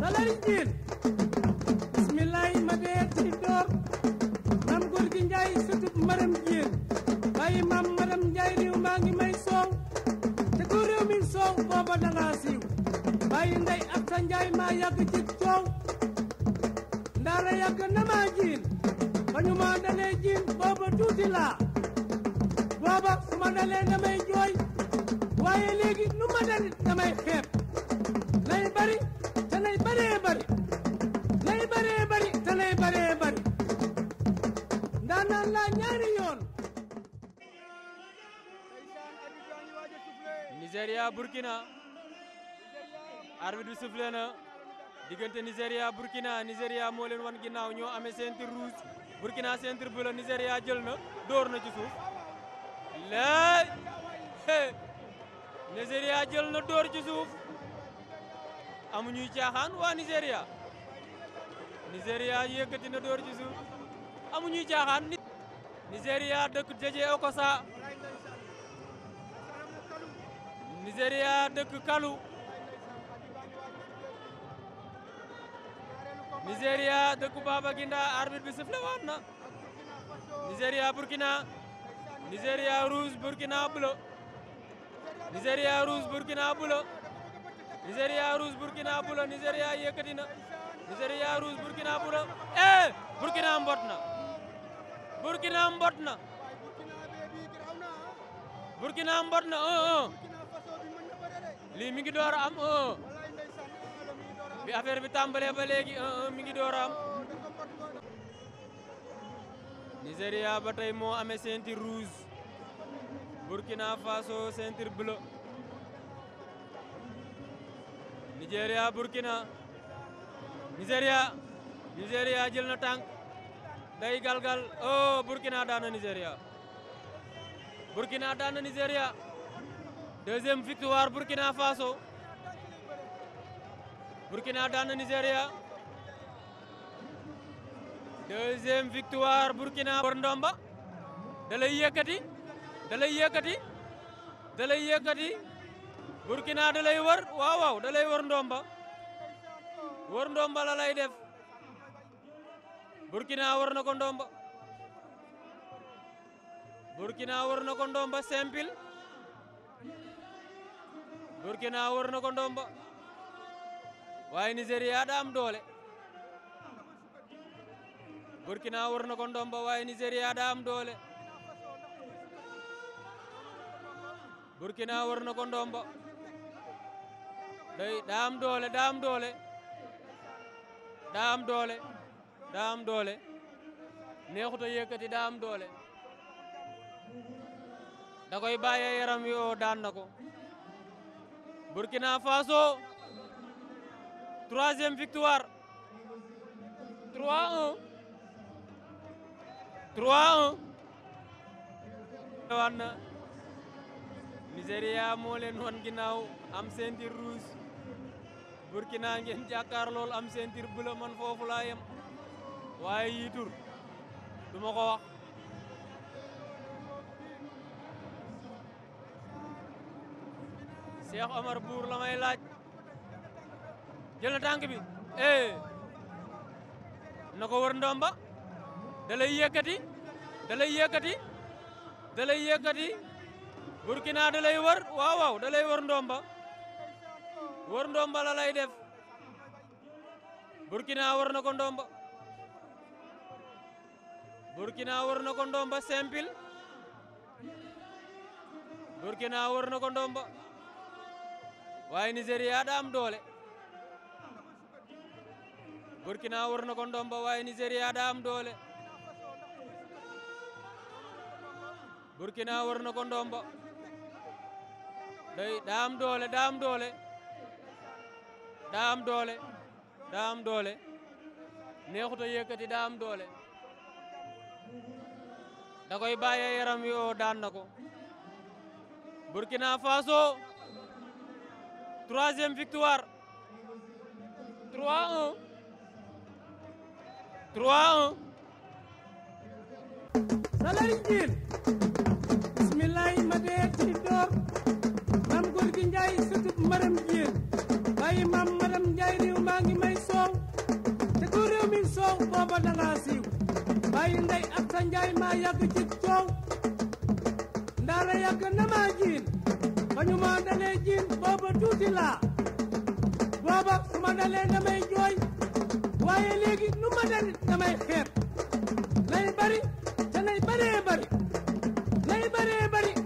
salari jiin bismillaay ma dee ci door maam góor njaay sutub maram jiin bàyyi maam maram njaay riw maa ngi may soow te ko réew mi soow booba danga siiw bàyyi ndey ak sa njaay maa yàgg ci coow ndaara yàgg na maa jiin ba ñu maa jiin booba tuuti laa booba su ma dalee jooy waaye léegi nu ma dalit damay xeeb lay bari lay bëree bëri lay bëree bëri te Burkina arbitre bi soufflé diggante Nigéria Burkina Nigéria moo leen wan ginnaaw ñoo amee ceinture rouge Burkina ceinture bleue Nigéria jël na dóor na ci suuf lay Nigéria na dóor ci amuñuy caaxaan waa Nigéria Nigéria yëkkati na door ci suuf amuñuy caaxaan. Nigéria dëkk Jëje Okosa Nigéria dëkk Kalu Nigéria dëkk Baba Ginda arbitre bi sifflé waat na Nigéria Burkina Nigéria rouge Burkina bleu Nigéria rouge Burkina bleu Nigéria rouge Burkina bula Nigéria yëkkati na Nigéria rouge Burkina bula eh Burkina mbot na Burkina mbot na Burkina mbot na oh, oh. lii mi ngi door am oh, bi affaire bi tàmbalee ba léegi mi ngi door am Nigéria ba moo amee ceinture rouge Burkina Faso ceinture bleu Nigéria Burkina Nigéria Nigéria jël na tànk day galgal oh Burkina daan na Nigéria Burkina daan na Nigéria deuxième victoire Burkina Faso Burkina daan na Nigéria deuxième Burkina bor ndomba da lay yëkkati da lay yëkkati da lay yëkkati Burkina da wër waaw waaw da lay wër ndomba wër ndomba la lay def Burkina wër na ko ndomba Burkina wër na ko ndomba simple Burkina wër na ko ndomba waaye Nigéria da am doole Burkina wër na ko ndomba waaye Nigéria da am doole Burkina war na ko ndomba day daam doole daam doole daam doole daam doole neexut a yëkkati daam doole da koy bàyyee yaram wi oo daan na ko Burkina Faso troisième victoire 3-1 3-1 waan na Nigéria moo leen won ginnaaw am ceinture rouge Burkina ngeen jàkkaar am ceinture bleu man foofu waaye yii tur ma ko wax Cheikh Omar Bour la laaj jël na bi eh na ko wër ndomba da lay yëkkati da lay yëkkati da lay yëkkati Burkina da lay wër waaw waaw da lay wër ndomba wër ndomba la lay def Burkina wër na ko ndomba Burkina wër na ko ndomba simple Burkina wër na ko ndomba waaye Nigéria da am doole Burkina wër na ko ndomba waaye Nigéria da am doole Burkina wër na ko ndomba ey daa doole daa doole daa am doole daa am doole neexut a yëkkati daa am doole da koy bàyyee yaram yoo daan na ko Burkina Faso troisième victoire 3-1 3-1 Salar Djine bismilahi ma dee ci Njaay sutub maram jiyéen bàyyi maam maram Njaay réew maa ngi may soow te ku mi soow booba danga siiw bàyyi ndey ak sa Njaay maa yàgg ci coow ndaara yàgg na maa jiin ba dalee jiin booba tuuti laa booba su ma dalee damay jooy waaye léegi nu ma dalit damay xeeb lay bari te lay baree bari lay baree bari